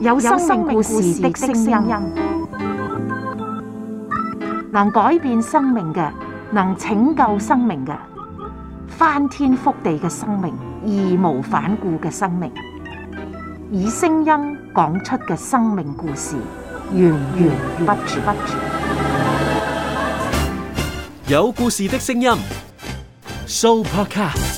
有生命故事的聲音，能改變生命嘅，能拯救生命嘅，翻天覆地嘅生命，義無反顧嘅生命，以聲音講出嘅生命故事，源源不絕。有故事的聲音，Soupercast。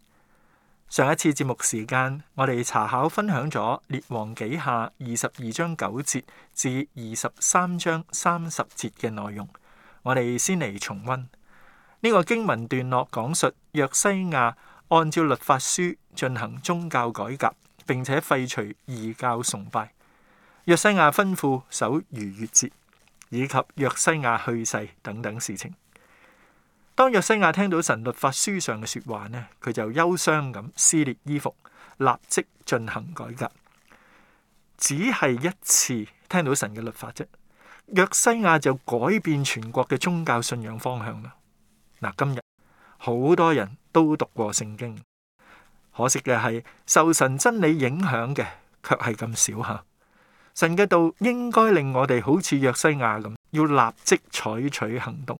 上一次節目時間，我哋查考分享咗《列王紀下》二十二章九節至二十三章三十節嘅內容。我哋先嚟重温呢個經文段落講述約西亞按照律法書進行宗教改革，並且廢除異教崇拜。約西亞吩咐守逾越節，以及約西亞去世等等事情。當約西亞聽到神律法書上嘅說話呢，佢就憂傷咁撕裂衣服，立即進行改革。只係一次聽到神嘅律法啫，約西亞就改變全國嘅宗教信仰方向啦。嗱，今日好多人都讀過聖經，可惜嘅係受神真理影響嘅卻係咁少吓。神嘅道應該令我哋好似約西亞咁，要立即採取行動。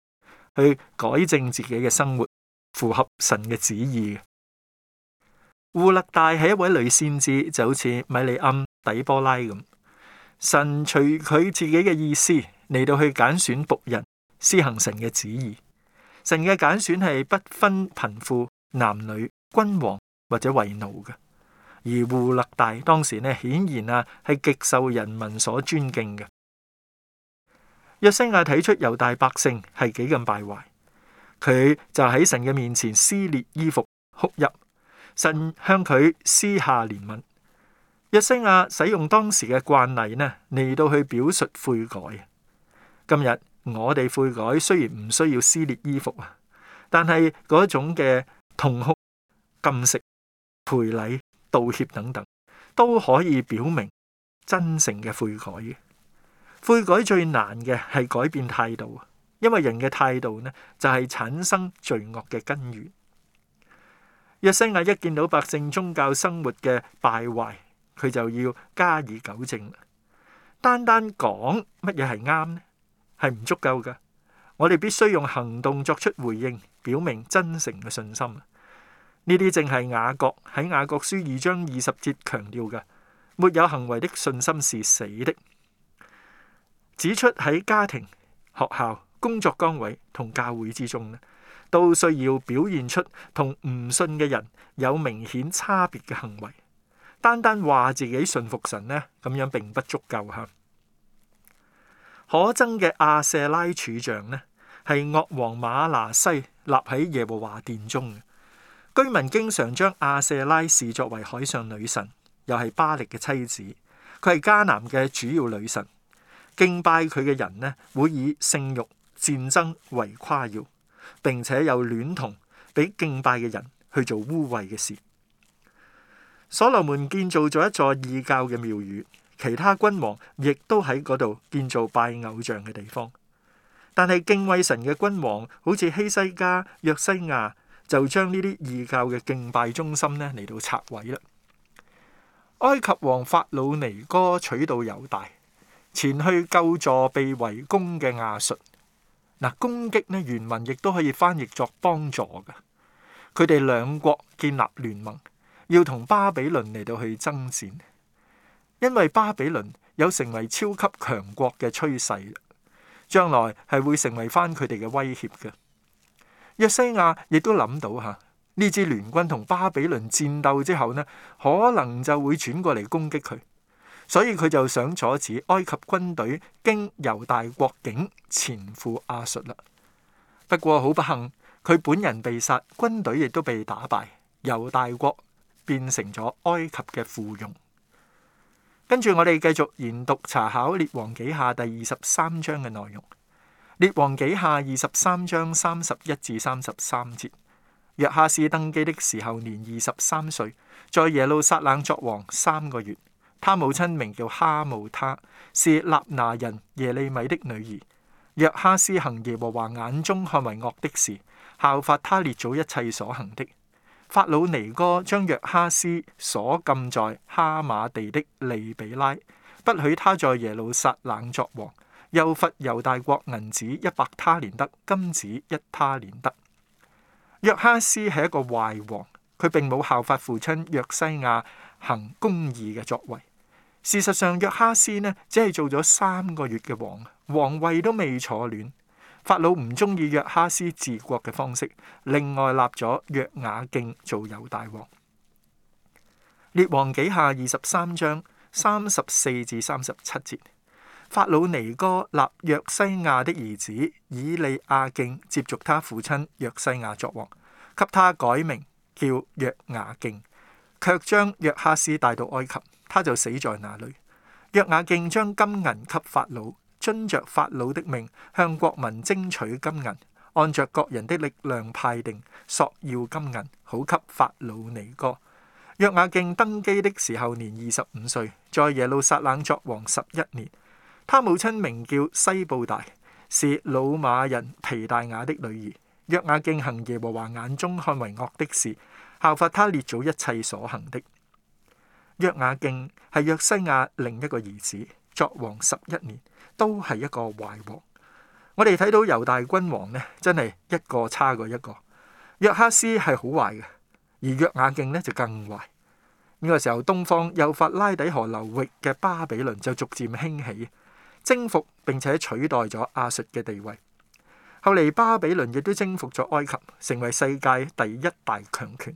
去改正自己嘅生活，符合神嘅旨意嘅。胡勒大係一位女先知，就好似米利暗、底波拉咁。神隨佢自己嘅意思嚟到去揀選僕人，施行神嘅旨意。神嘅揀選係不分貧富、男女、君王或者為奴嘅。而胡勒大當時呢，顯然啊係極受人民所尊敬嘅。約西亞睇出猶大百姓係幾咁敗壞，佢就喺神嘅面前撕裂衣服，哭泣，神向佢私下憐憫。約西亞使用當時嘅慣例呢，嚟到去表述悔改。今日我哋悔改雖然唔需要撕裂衣服啊，但係嗰種嘅痛哭、禁食、賠禮、道歉等等，都可以表明真誠嘅悔改嘅。悔改最難嘅係改變態度，因為人嘅態度呢就係產生罪惡嘅根源。約西亞一見到百姓宗教生活嘅敗壞，佢就要加以糾正啦。單單講乜嘢係啱呢？係唔足夠㗎。我哋必須用行動作出回應，表明真誠嘅信心。呢啲正係雅各喺雅各書二章二十節強調嘅：沒有行為的信心是死的。指出喺家庭、學校、工作崗位同教會之中咧，都需要表現出同唔信嘅人有明顯差別嘅行為。單單話自己信服神呢，咁樣並不足夠。嚇，可憎嘅阿舍拉柱像呢，係惡王馬拿西立喺耶和華殿中。居民經常將阿舍拉視作為海上女神，又係巴力嘅妻子。佢係迦南嘅主要女神。敬拜佢嘅人呢，會以性欲、戰爭為誇耀，並且有戀童俾敬拜嘅人去做污穢嘅事。所羅門建造咗一座異教嘅廟宇，其他君王亦都喺嗰度建造拜偶像嘅地方。但係敬畏神嘅君王，好似希西家、約西亞，就將呢啲異教嘅敬拜中心呢嚟到拆毀啦。埃及王法老尼哥取道猶大。前去救助被圍攻嘅亞述，嗱，攻擊呢，原文亦都可以翻譯作幫助嘅。佢哋兩國建立聯盟，要同巴比倫嚟到去爭戰，因為巴比倫有成為超級強國嘅趨勢，將來係會成為翻佢哋嘅威脅嘅。約西亞亦都諗到嚇，呢支聯軍同巴比倫戰鬥之後呢，可能就會轉過嚟攻擊佢。所以佢就想阻止埃及軍隊經猶大國境前赴亞述嘞。不過好不幸，佢本人被殺，軍隊亦都被打敗，猶大國變成咗埃及嘅附庸。跟住我哋繼續研讀查考《列王紀下》第二十三章嘅內容，《列王紀下》二十三章三十一至三十三節：約哈斯登基的時候年二十三歲，在耶路撒冷作王三個月。他母親名叫哈姆他。他是立拿人耶利米的女兒。約哈斯行耶和華眼中看為惡的事，效法他列祖一切所行的。法老尼哥將約哈斯鎖禁在哈馬地的利比拉，不許他在耶路撒冷作王，又罰猶大國銀子一百他連得，金子一他連得。約哈斯係一個壞王，佢並冇效法父親約西亞行公義嘅作為。事實上，約哈斯呢，只係做咗三個月嘅王，王位都未坐暖。法老唔中意約哈斯治國嘅方式，另外立咗約雅敬做猶大王。列王紀下二十三章三十四至三十七節，法老尼哥立約西亞的兒子以利亞敬接續他父親約西亞作王，給他改名叫約雅敬，卻將約哈斯帶到埃及。他就死在那裏。約雅敬將金銀給法老，遵著法老的命，向國民徵取金銀，按著各人的力量派定索要金銀，好給法老尼哥。約雅敬登基的時候年二十五歲，在耶路撒冷作王十一年。他母親名叫西布大，是魯瑪人皮大雅的女兒。約雅敬行耶和華眼中看為惡的事，效法他列祖一切所行的。約雅敬係約西亞另一個兒子，作王十一年，都係一個壞王。我哋睇到猶大君王咧，真係一個差過一個。約哈斯係好壞嘅，而約雅敬咧就更壞。呢、這個時候，東方幼發拉底河流域嘅巴比倫就逐漸興起，征服並且取代咗亞述嘅地位。後嚟，巴比倫亦都征服咗埃及，成為世界第一大強權。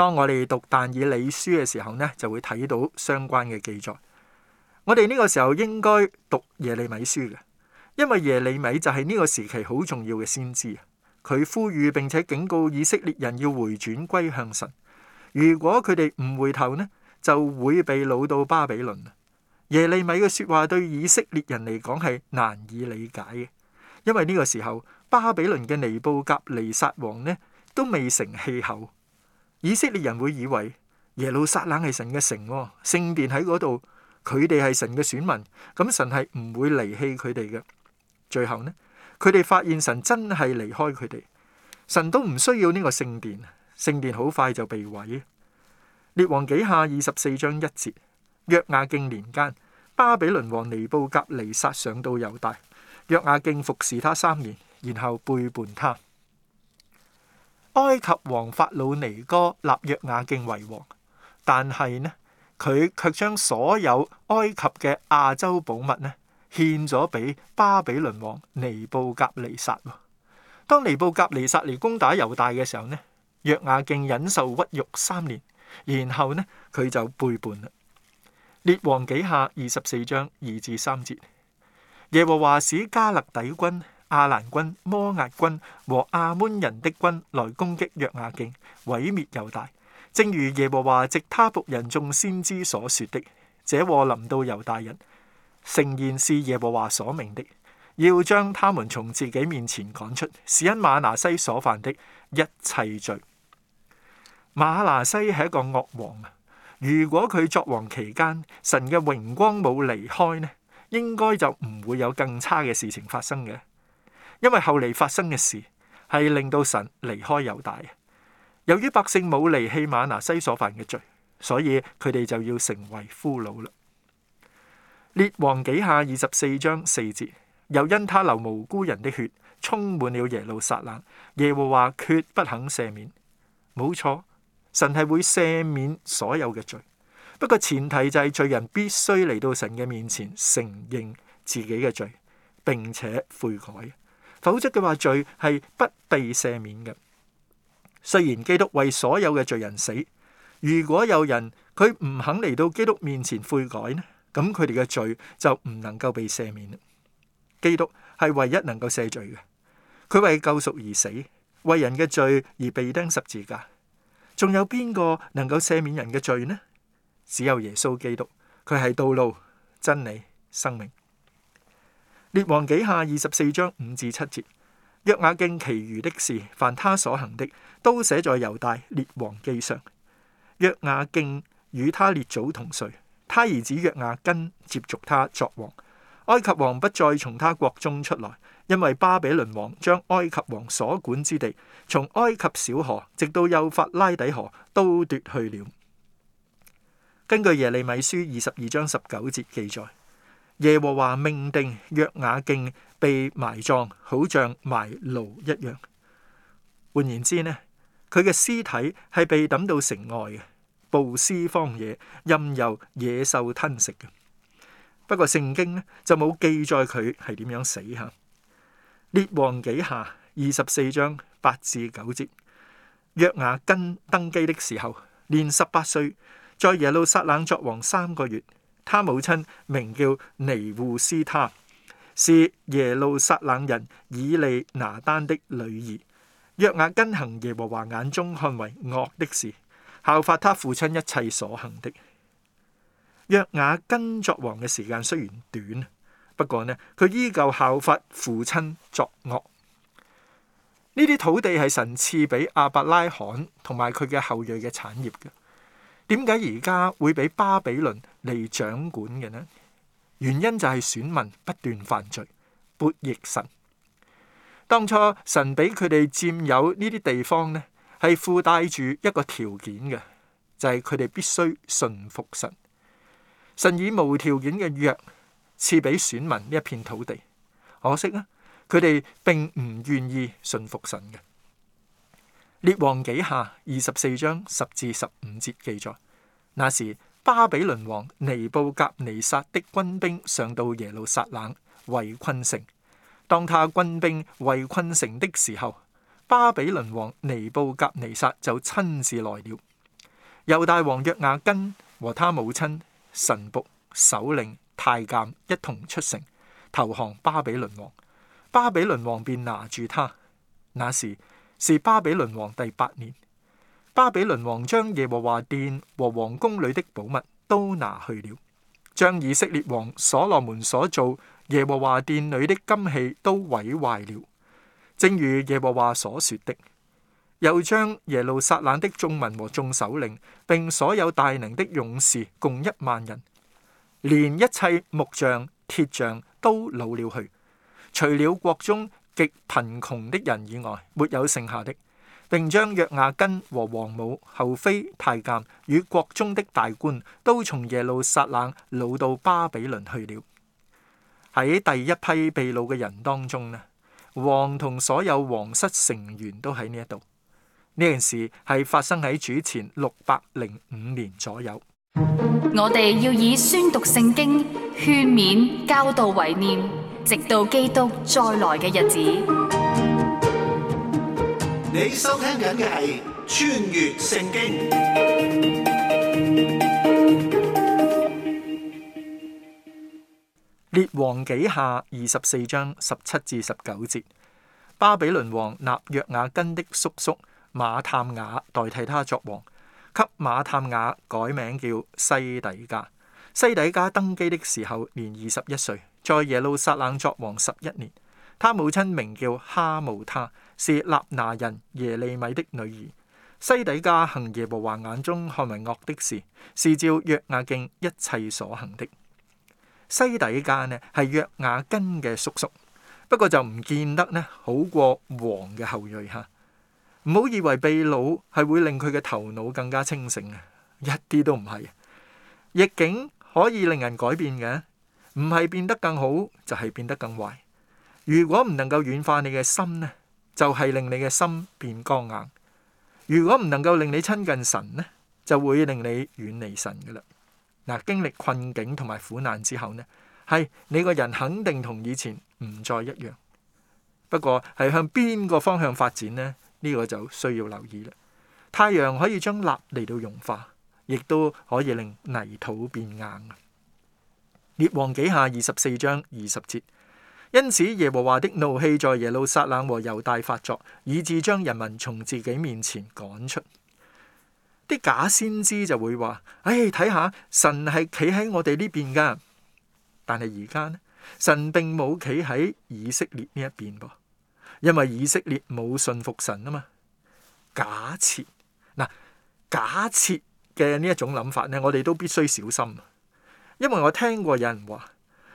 當我哋讀但以理書嘅時候呢，就會睇到相關嘅記載。我哋呢個時候應該讀耶利米書嘅，因為耶利米就係呢個時期好重要嘅先知。佢呼籲並且警告以色列人要回轉歸向神。如果佢哋唔回頭呢，就會被擄到巴比倫。耶利米嘅說話對以色列人嚟講係難以理解嘅，因為呢個時候巴比倫嘅尼布甲尼撒王呢都未成氣候。以色列人會以為耶路撒冷係神嘅城、哦，聖殿喺嗰度，佢哋係神嘅選民，咁神係唔會離棄佢哋嘅。最後呢，佢哋發現神真係離開佢哋，神都唔需要呢個聖殿，聖殿好快就被毀。列王紀下二十四章一節：約雅敬年間，巴比倫王尼布甲尼撒上到猶大，約雅敬服侍他三年，然後背叛他。埃及王法老尼哥立約雅敬為王，但係呢，佢卻將所有埃及嘅亞洲寶物呢獻咗俾巴比倫王尼布甲尼撒。當尼布甲尼撒嚟攻打猶大嘅時候呢，約雅敬忍受屈辱三年，然後呢，佢就背叛啦。列王紀下二十四章二至三節，耶和華使加勒底軍。阿蘭軍、摩押軍和阿門人的軍來攻擊約雅敬，毀滅猶大，正如耶和華藉他僕人眾先知所說的。這禍臨到猶大人，成然是耶和華所命的，要將他們從自己面前趕出，是因馬拿西所犯的一切罪。馬拿西係一個惡王啊！如果佢作王期間神嘅榮光冇離開呢，應該就唔會有更差嘅事情發生嘅。因為後嚟發生嘅事係令到神離開猶大。由於百姓冇離棄馬拿西所犯嘅罪，所以佢哋就要成為俘虜啦。列王紀下二十四章四節，又因他流無辜人的血，充滿了耶路撒冷。耶和華決不肯赦免。冇錯，神係會赦免所有嘅罪，不過前提就係罪人必須嚟到神嘅面前承認自己嘅罪，並且悔改。否則嘅話，罪係不被赦免嘅。雖然基督為所有嘅罪人死，如果有人佢唔肯嚟到基督面前悔改呢，咁佢哋嘅罪就唔能夠被赦免啦。基督係唯一能夠赦罪嘅，佢為救贖而死，為人嘅罪而被釘十字架。仲有邊個能夠赦免人嘅罪呢？只有耶穌基督，佢係道路、真理、生命。列王紀下二十四章五至七節，約雅敬其餘的事，凡他所行的，都寫在猶大列王記上。約雅敬與他列祖同睡，他兒子約雅斤接續他作王。埃及王不再從他國中出來，因為巴比倫王將埃及王所管之地，從埃及小河直到幼發拉底河，都奪去了。根據耶利米書二十二章十九節記載。耶和華命定約雅敬被埋葬，好像埋驢一樣。換言之呢，佢嘅屍體係被抌到城外嘅，暴屍荒野，任由野獸吞食嘅。不過聖經呢就冇記載佢係點樣死吓。列王紀下二十四章八至九節，約雅斤登基的時候，年十八歲，在耶路撒冷作王三個月。他母親名叫尼護斯他，是耶路撒冷人以利拿丹的女兒。約雅根行耶和華眼中看為惡的事，效法他父親一切所行的。約雅根作王嘅時間雖然短，不過呢，佢依舊效法父親作惡。呢啲土地係神賜俾阿伯拉罕同埋佢嘅後裔嘅產業嘅。點解而家會俾巴比倫？嚟掌管嘅呢，原因就係選民不斷犯罪，悖逆神。當初神俾佢哋佔有呢啲地方呢，係附帶住一個條件嘅，就係佢哋必須順服神。神以無條件嘅約賜俾選民呢一片土地，可惜呢，佢哋並唔願意順服神嘅。列王紀下二十四章十至十五節記載，那時。巴比倫王尼布甲尼撒的軍兵上到耶路撒冷圍困城。當他軍兵圍困城的時候，巴比倫王尼布甲尼撒就親自來了。猶大王約雅斤和他母親、臣僕、首領、太監一同出城投降巴比倫王。巴比倫王便拿住他。那時是巴比倫王第八年。巴比倫王將耶和華殿和王宮裏的寶物都拿去了，將以色列王所羅門所做耶和華殿裏的金器都毀壞了，正如耶和華所說的。又將耶路撒冷的眾民和眾首領，並所有大能的勇士共一萬人，連一切木匠、鐵匠都擄了去，除了國中極貧窮的人以外，沒有剩下的。並將約雅斤和王母、後妃、太監與國中的大官都從耶路撒冷老到巴比倫去了。喺第一批被擄嘅人當中呢，王同所有王室成員都喺呢一度。呢件事係發生喺主前六百零五年左右。我哋要以宣讀聖經、勸勉、教導為念，直到基督再來嘅日子。你收聽緊嘅係《穿越聖經》，列王紀下二十四章十七至十九節。巴比倫王納約雅根的叔叔馬探雅代替他作王，給馬探雅改名叫西底家。西底家登基的時候年二十一歲，在耶路撒冷作王十一年。他母親名叫哈姆他。是立拿人耶利米的女兒西底家行耶和華眼中看為惡的事，是照約雅敬一切所行的。西底家呢係約雅根嘅叔叔，不過就唔見得呢好過王嘅後裔吓。唔好以為秘魯係會令佢嘅頭腦更加清醒啊，一啲都唔係。逆境可以令人改變嘅，唔係變得更好就係變得更壞。如果唔能夠軟化你嘅心呢？就係令你嘅心變剛硬。如果唔能夠令你親近神呢，就會令你遠離神噶啦。嗱，經歷困境同埋苦難之後呢，係你個人肯定同以前唔再一樣。不過係向邊個方向發展呢？呢個就需要留意啦。太陽可以將蠟嚟到融化，亦都可以令泥土變硬。列王紀下二十四章二十節。因此，耶和華的怒氣在耶路撒冷和猶大發作，以致將人民從自己面前趕出。啲假先知就會話：唉、哎，睇下神係企喺我哋呢邊噶，但係而家呢，神並冇企喺以色列呢一邊噃，因為以色列冇信服神啊嘛。假設嗱，假設嘅呢一種諗法呢，我哋都必須小心，因為我聽過有人話。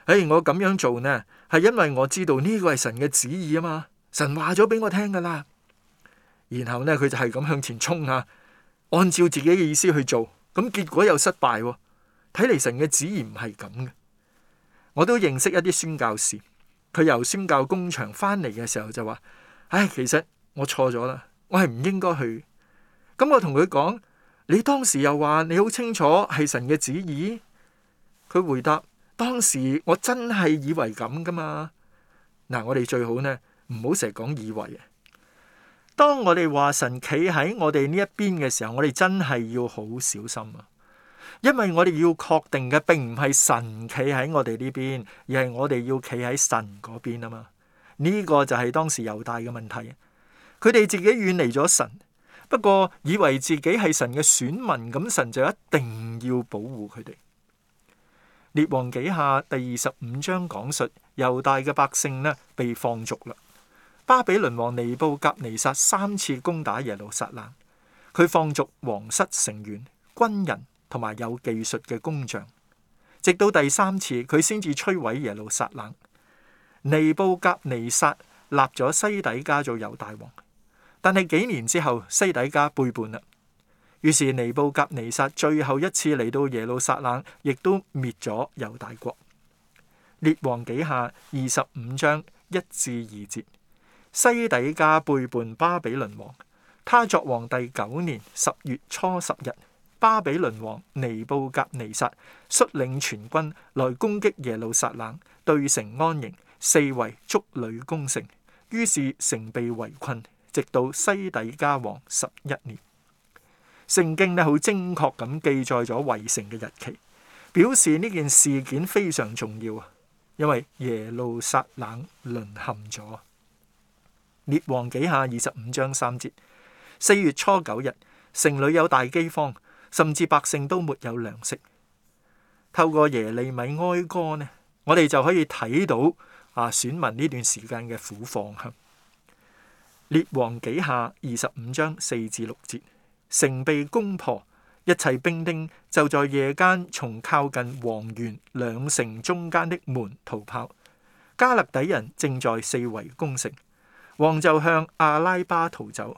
唉，hey，我咁樣做呢，係因為我知道呢個係神嘅旨意啊嘛，神話咗俾我聽噶啦。然後呢，佢就係咁向前衝啊，按照自己嘅意思去做，咁結果又失敗喎。睇嚟神嘅旨意唔係咁嘅。我都認識一啲宣教士，佢由宣教工場翻嚟嘅時候就話：唉、哎，其實我錯咗啦，我係唔應該去。咁我同佢講，你當時又話你好清楚係神嘅旨意，佢回答。當時我真係以為咁噶嘛。嗱，我哋最好呢，唔好成日講以為啊。當我哋話神企喺我哋呢一邊嘅時候，我哋真係要好小心啊，因為我哋要確定嘅並唔係神企喺我哋呢邊，而係我哋要企喺神嗰邊啊嘛。呢個就係當時猶大嘅問題，佢哋自己遠離咗神，不過以為自己係神嘅選民，咁神就一定要保護佢哋。列王紀下第二十五章講述猶大嘅百姓呢被放逐啦。巴比倫王尼布甲尼撒三次攻打耶路撒冷，佢放逐皇室成員、軍人同埋有技術嘅工匠，直到第三次佢先至摧毀耶路撒冷。尼布甲尼撒立咗西底家做猶大王，但係幾年之後西底家背叛啦。於是尼布甲尼撒最後一次嚟到耶路撒冷，亦都滅咗猶大國。列王紀下二十五章一至二節。西底家背叛巴比倫王，他作皇帝九年十月初十日，巴比倫王尼布甲尼撒率領全軍來攻擊耶路撒冷，對城安營四圍築壘攻城，於是城被圍困，直到西底家王十一年。聖經咧好精確咁記載咗圍城嘅日期，表示呢件事件非常重要啊。因為耶路撒冷淪陷咗，《列王紀下》二十五章三節，四月初九日，城裏有大饑荒，甚至百姓都沒有糧食。透過耶利米哀歌呢，我哋就可以睇到啊，選民呢段時間嘅苦況啊，《列王紀下》二十五章四至六節。城被攻破，一切兵丁就在夜間從靠近王園兩城中間的門逃跑。加勒底人正在四圍攻城，王就向阿拉巴逃走。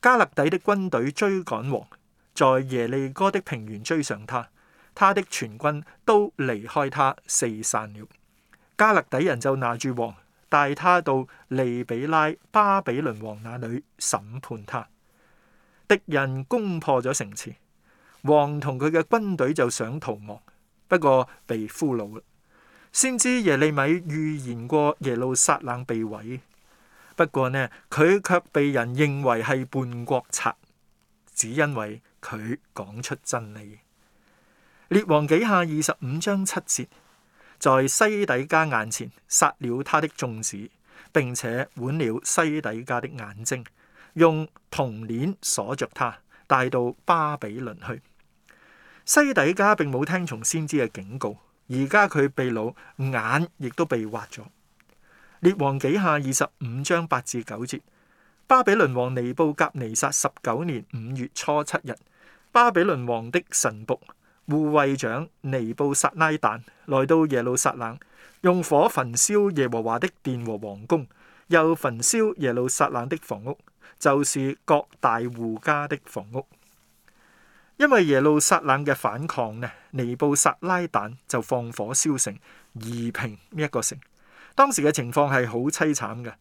加勒底的軍隊追趕王，在耶利哥的平原追上他，他的全軍都離開他四散了。加勒底人就拿住王，帶他到利比拉巴比倫王那裏審判他。敵人攻破咗城池，王同佢嘅軍隊就想逃亡，不過被俘虜啦。先知耶利米預言過耶路撒冷被毀，不過呢，佢卻被人認為係叛國賊，只因為佢講出真理。列王紀下二十五章七節，在西底家眼前殺了他的眾子，並且剜了西底家的眼睛。用銅鏈鎖着他，帶到巴比倫去。西底家並冇聽從先知嘅警告，而家佢被擄眼亦都被挖咗。列王紀下二十五章八至九節：巴比倫王尼布甲尼撒十九年五月初七日，巴比倫王的臣僕、護衛長尼布撒拉旦來到耶路撒冷，用火焚燒耶和華的殿和王宮，又焚燒耶路撒冷的房屋。就是各大戶家的房屋，因為耶路撒冷嘅反抗呢，尼布撒拉旦就放火燒城，夷平呢一個城。當時嘅情況係好淒慘嘅。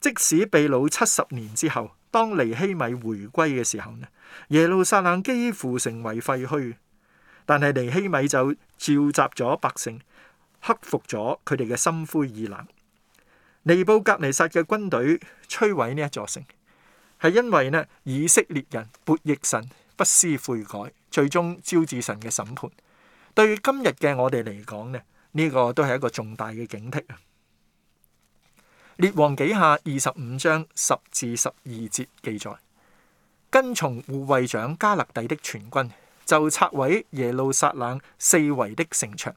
即使被擄七十年之後，當尼希米回歸嘅時候呢，耶路撒冷幾乎成為廢墟。但係尼希米就召集咗百姓，克服咗佢哋嘅心灰意冷。尼布甲尼撒嘅軍隊摧毀呢一座城。係因為咧，以色列人悖逆神，不思悔改，最終招致神嘅審判。對今日嘅我哋嚟講咧，呢個都係一個重大嘅警惕啊！列王紀下二十五章十至十二節記載：跟從護衛長迦勒底的全軍，就拆毀耶路撒冷四圍的城牆。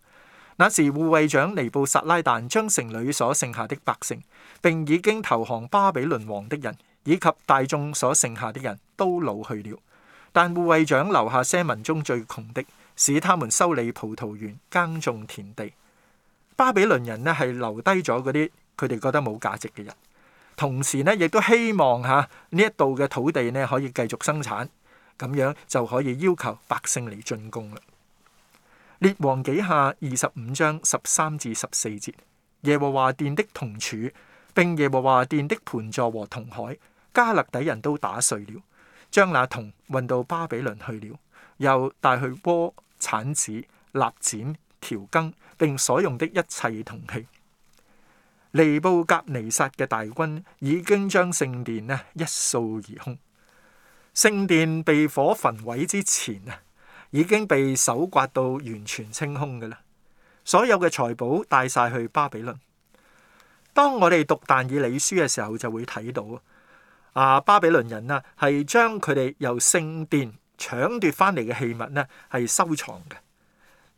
那時，護衛長尼布撒拉旦將城裡所剩下的百姓，並已經投降巴比倫王的人。以及大眾所剩下的人都老去了，但護衛長留下些民中最窮的，使他們修理葡萄園、耕種田地。巴比倫人呢係留低咗嗰啲佢哋覺得冇價值嘅人，同時呢亦都希望吓呢一度嘅土地呢可以繼續生產，咁樣就可以要求百姓嚟進貢啦。列王紀下二十五章十三至十四節，耶和華殿的銅柱，並耶和華殿的盤座和銅海。加勒底人都打碎了，將那銅運到巴比倫去了，又帶去鍋、鏟子、立剪、調羹，並所用的一切銅器。尼布甲尼撒嘅大軍已經將聖殿呢一掃而空。聖殿被火焚毀之前啊，已經被搜刮到完全清空噶啦，所有嘅財寶帶晒去巴比倫。當我哋讀但以理書嘅時候，就會睇到。啊！巴比倫人啊，係將佢哋由聖殿搶奪翻嚟嘅器物呢，係收藏嘅。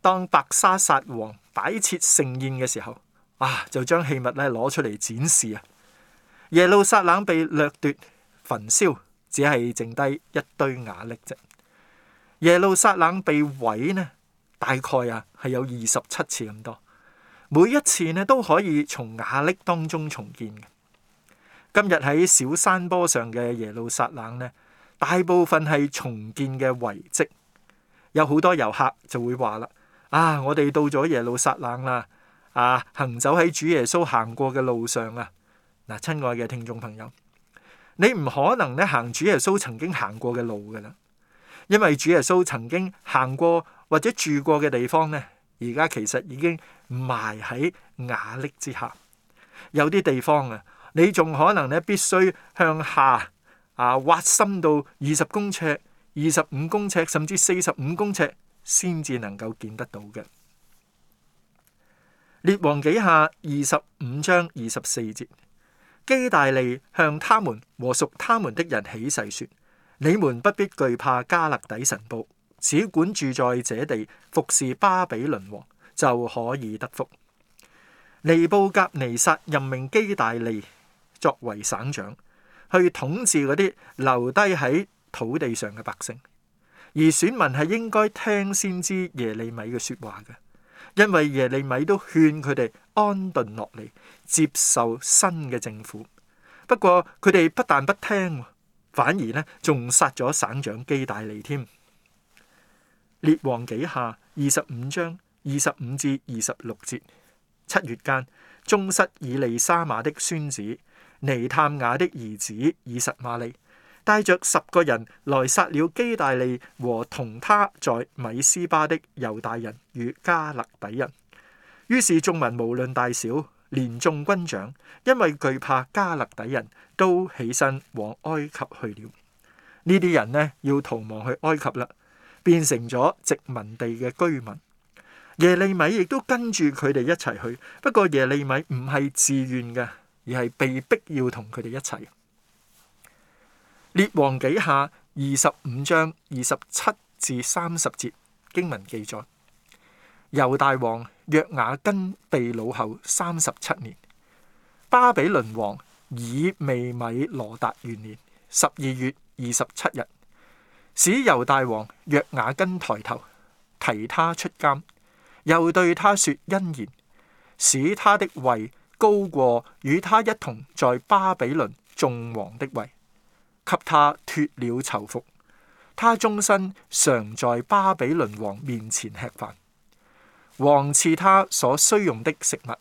當伯沙撒王擺設盛宴嘅時候，啊，就將器物咧攞出嚟展示啊！耶路撒冷被掠奪、焚燒，只係剩低一堆瓦礫啫。耶路撒冷被毀呢，大概啊係有二十七次咁多，每一次呢都可以從瓦礫當中重建嘅。今日喺小山坡上嘅耶路撒冷呢，大部分係重建嘅遺迹。有好多遊客就會話啦：「啊，我哋到咗耶路撒冷啦，啊，行走喺主耶穌行過嘅路上啊。嗱，親愛嘅聽眾朋友，你唔可能咧行主耶穌曾經行過嘅路噶啦，因為主耶穌曾經行過或者住過嘅地方咧，而家其實已經埋喺瓦礫之下，有啲地方啊。你仲可能咧必須向下啊挖深到二十公尺、二十五公尺甚至四十五公尺先至能夠見得到嘅。列王紀下二十五章二十四節，基大利向他們和屬他們的人起誓説：你們不必懼怕迦勒底神僕，只管住在這地服侍巴比倫王就可以得福。尼布甲尼撒任命基大利。作為省長去統治嗰啲留低喺土地上嘅百姓，而選民係應該聽先知耶利米嘅説話嘅，因為耶利米都勸佢哋安頓落嚟接受新嘅政府。不過佢哋不但不聽，反而咧仲殺咗省長基大利添。列王紀下，二十五章二十五至二十六節，七月間，宗室以利沙馬的孫子。尼探雅的兒子以實瑪利帶着十個人來殺了基大利和同他在米斯巴的猶大人與加勒底人。於是眾民無論大小，連眾軍長，因為懼怕加勒底人都起身往埃及去了。呢啲人呢，要逃亡去埃及啦，變成咗殖民地嘅居民。耶利米亦都跟住佢哋一齊去，不過耶利米唔係自願嘅。而係被迫要同佢哋一齊。列王記下二十五章二十七至三十節經文記載，猶大王約雅根被擄後三十七年，巴比倫王以未米羅達元年十二月二十七日使猶大王約雅根抬頭提他出監，又對他說恩言，使他的位。高過與他一同在巴比倫眾王的位，給他脫了囚服，他終身常在巴比倫王面前吃飯，王賜他所需用的食物，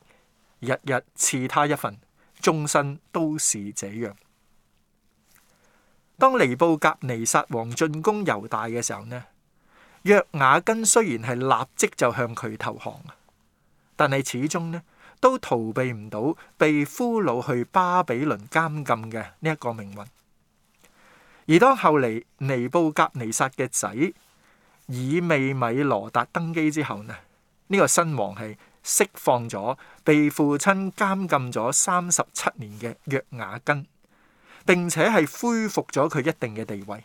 日日賜他一份，終身都是這樣。當尼布格尼撒王進攻猶大嘅時候呢，約雅斤雖然係立即就向佢投降，但係始終呢，都逃避唔到被俘虜去巴比倫監禁嘅呢一個命運。而當後嚟尼布甲尼撒嘅仔以未米羅達登基之後呢，呢、這個新王係釋放咗被父親監禁咗三十七年嘅約雅斤，並且係恢復咗佢一定嘅地位。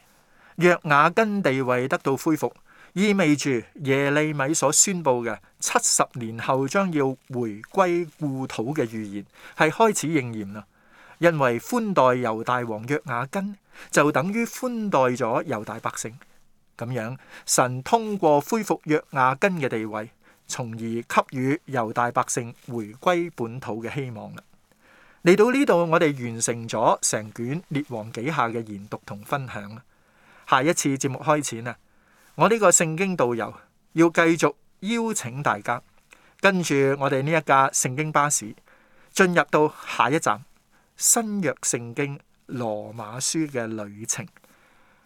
約雅斤地位得到恢復。意味住耶利米所宣佈嘅七十年後將要回歸故土嘅預言係開始應驗啦，因為寬待猶大王約雅斤，就等於寬待咗猶大百姓，咁樣神通過恢復約雅斤嘅地位，從而給予猶大百姓回歸本土嘅希望啦。嚟到呢度，我哋完成咗成卷列王紀下嘅研讀同分享啦。下一次節目開始啦。我呢個聖經導遊要繼續邀請大家，跟住我哋呢一架聖經巴士進入到下一站新約聖經羅馬書嘅旅程。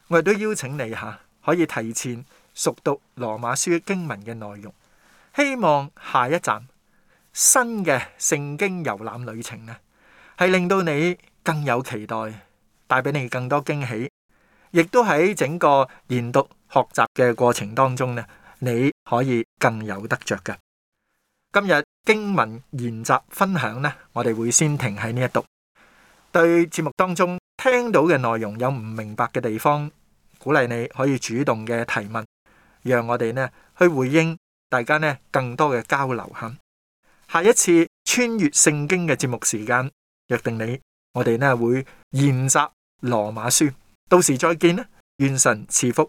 我亦都邀請你吓，可以提前熟讀羅馬書經文嘅內容。希望下一站新嘅聖經遊覽旅程呢，係令到你更有期待，帶俾你更多驚喜，亦都喺整個研讀。學習嘅過程當中咧，你可以更有得着嘅。今日經文研習分享咧，我哋會先停喺呢一度。對節目當中聽到嘅內容有唔明白嘅地方，鼓勵你可以主動嘅提問，讓我哋咧去回應大家咧更多嘅交流。下一次穿越聖經嘅節目時間約定你，我哋咧會研習羅馬書，到時再見啦。願神賜福。